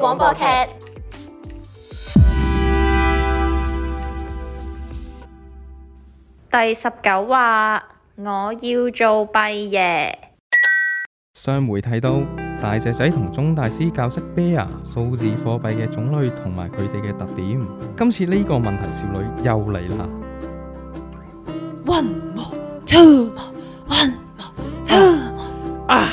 廣播劇第十九話，我要做幣爺。上回提到大隻仔同鍾大師教識啤牙數字貨幣嘅種類同埋佢哋嘅特點。今次呢個問題少女又嚟啦。One two，one two，one two 啊！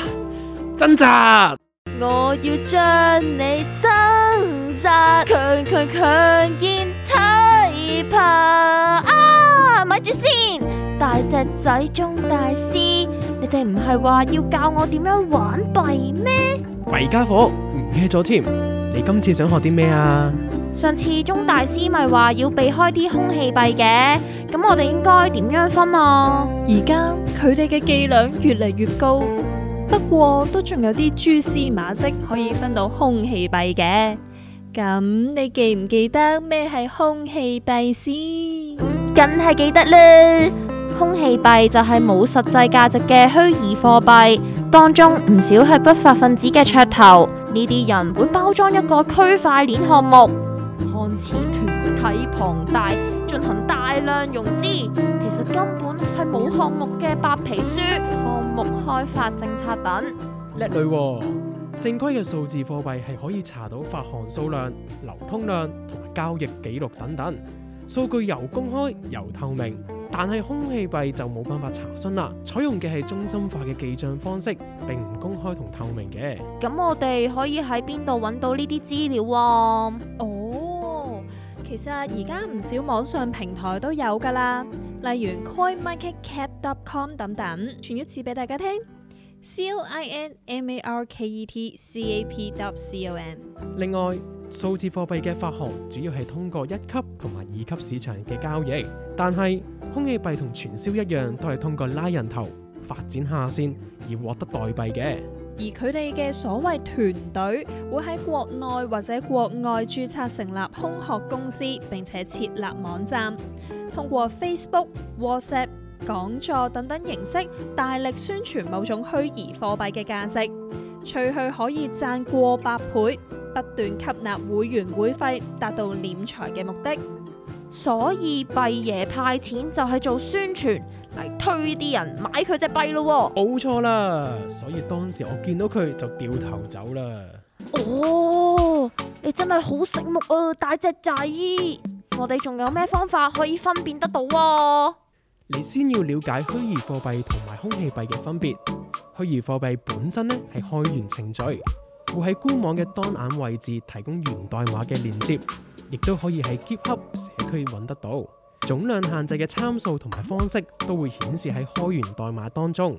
掙扎。我要將你掙扎，強強強健體魄。啊，咪住先，大隻仔鍾大師，你哋唔係話要教我點樣玩幣咩？弊家伙，唔記得咗添。你今次想學啲咩啊？上次鍾大師咪話要避開啲空氣幣嘅，咁我哋應該點樣分啊？而家佢哋嘅伎倆越嚟越高。不過都仲有啲蛛絲馬跡可以分到空氣幣嘅，咁你記唔記得咩係空氣幣先？梗係、嗯、記得啦！空氣幣就係冇實際價值嘅虛擬貨幣，當中唔少係不法分子嘅噱頭。呢啲人會包裝一個區塊鏈項目，看似團體龐大，進行大量融資。根本係冇項目嘅白皮書、項目開發政策等。叻女、啊，正規嘅數字貨幣係可以查到發行數量、流通量同埋交易記錄等等，數據又公開又透明。但係空氣幣就冇辦法查詢啦，採用嘅係中心化嘅記賬方式，並唔公開同透明嘅。咁我哋可以喺邊度揾到呢啲資料啊？哦、oh，其實而家唔少網上平台都有噶啦。例如 coinmarketcap.com 等等，傳一次俾大家聽。coinmarketcap.com。另外，數字貨幣嘅發行主要係通過一級同埋二級市場嘅交易，但係空氣幣同傳銷一樣，都係通過拉人頭發展下線而獲得代幣嘅。而佢哋嘅所謂團隊會喺國內或者國外註冊成立空殼公司，並且設立網站。通過 Facebook、WhatsApp、講座等等形式大力宣傳某種虛擬貨幣嘅價值，除去可以賺過百倍，不斷吸納會員會費，達到斂財嘅目的。所以幣爺派錢就係做宣傳嚟推啲人買佢隻幣咯。冇錯啦，所以當時我見到佢就掉頭走啦。哦，你真係好醒目啊，大隻仔！我哋仲有咩方法可以分辨得到？你先要了解虛擬貨幣同埋空氣幣嘅分別。虛擬貨幣本身咧係開源程序，會喺官網嘅當眼位置提供源代碼嘅鏈接，亦都可以喺結合社區揾得到。總量限制嘅參數同埋方式都會顯示喺開源代碼當中。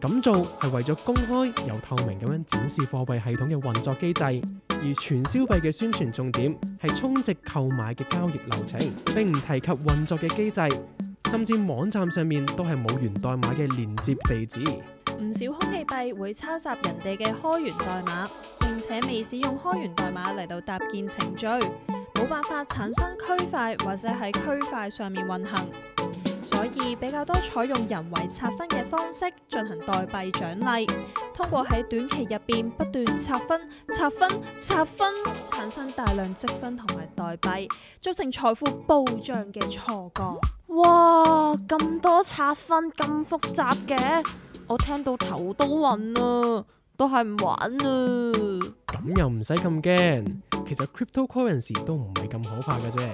咁做係為咗公開、又透明咁樣展示貨幣系統嘅運作機制。而全消費嘅宣傳重點係充值購買嘅交易流程，並唔提及運作嘅機制，甚至網站上面都係冇源代碼嘅連接地址。唔少空氣幣會抄襲人哋嘅開源代碼，並且未使用開源代碼嚟到搭建程序，冇辦法產生區塊或者喺區塊上面運行。而比較多採用人為拆分嘅方式進行代幣獎勵，通過喺短期入邊不斷拆分、拆分、拆分，產生大量積分同埋代幣，造成財富暴漲嘅錯覺。哇，咁多拆分，咁複雜嘅，我聽到頭都暈啊，都係唔玩啊。咁又唔使咁驚，其實 crypto coins 都唔係咁可怕嘅啫，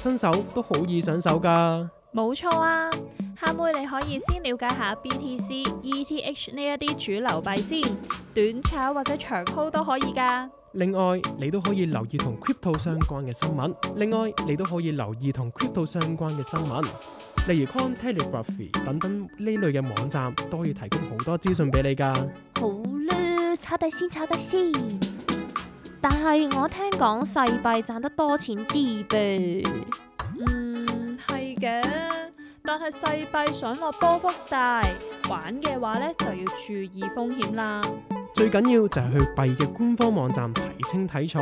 新手都好易上手噶。冇錯啊，下妹，你可以先了解下 BTC、e、ETH 呢一啲主流幣先，短炒或者長拋都可以噶。另外，你都可以留意同 crypto 相關嘅新聞。另外，你都可以留意同 crypto 相關嘅新聞，例如 Cointelegraph 等等呢類嘅網站，都可以提供好多資訊俾你噶。好啦，抄底先，抄底先。但係我聽講細幣賺得多錢啲唄。嗯，係嘅、嗯。但係細幣上落波幅大，玩嘅話咧，就要注意風險啦。最緊要就係去幣嘅官方網站睇清睇楚，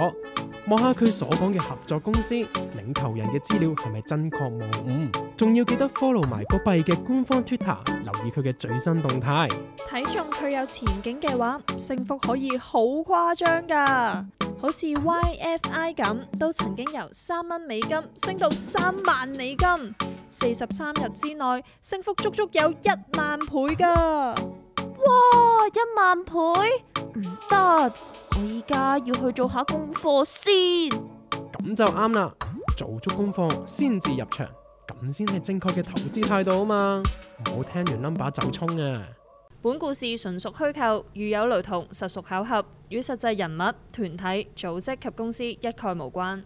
望下佢所講嘅合作公司、領頭人嘅資料係咪真確無誤，仲要記得 follow 埋幣嘅官方 Twitter，留意佢嘅最新動態。睇中佢有前景嘅話，升幅可以好誇張噶，好似 YFI 咁，都曾經由三蚊美金升到三萬美金。四十三日之內，升幅足足有一萬倍噶！哇，一萬倍？唔得！我而家要去做下功課先。咁就啱啦，做足功課先至入場，咁先係正確嘅投資態度啊嘛！唔好聽完 number 就衝啊！本故事純屬虛構，如有雷同，實屬巧合，與實際人物、團體、組織及公司一概無關。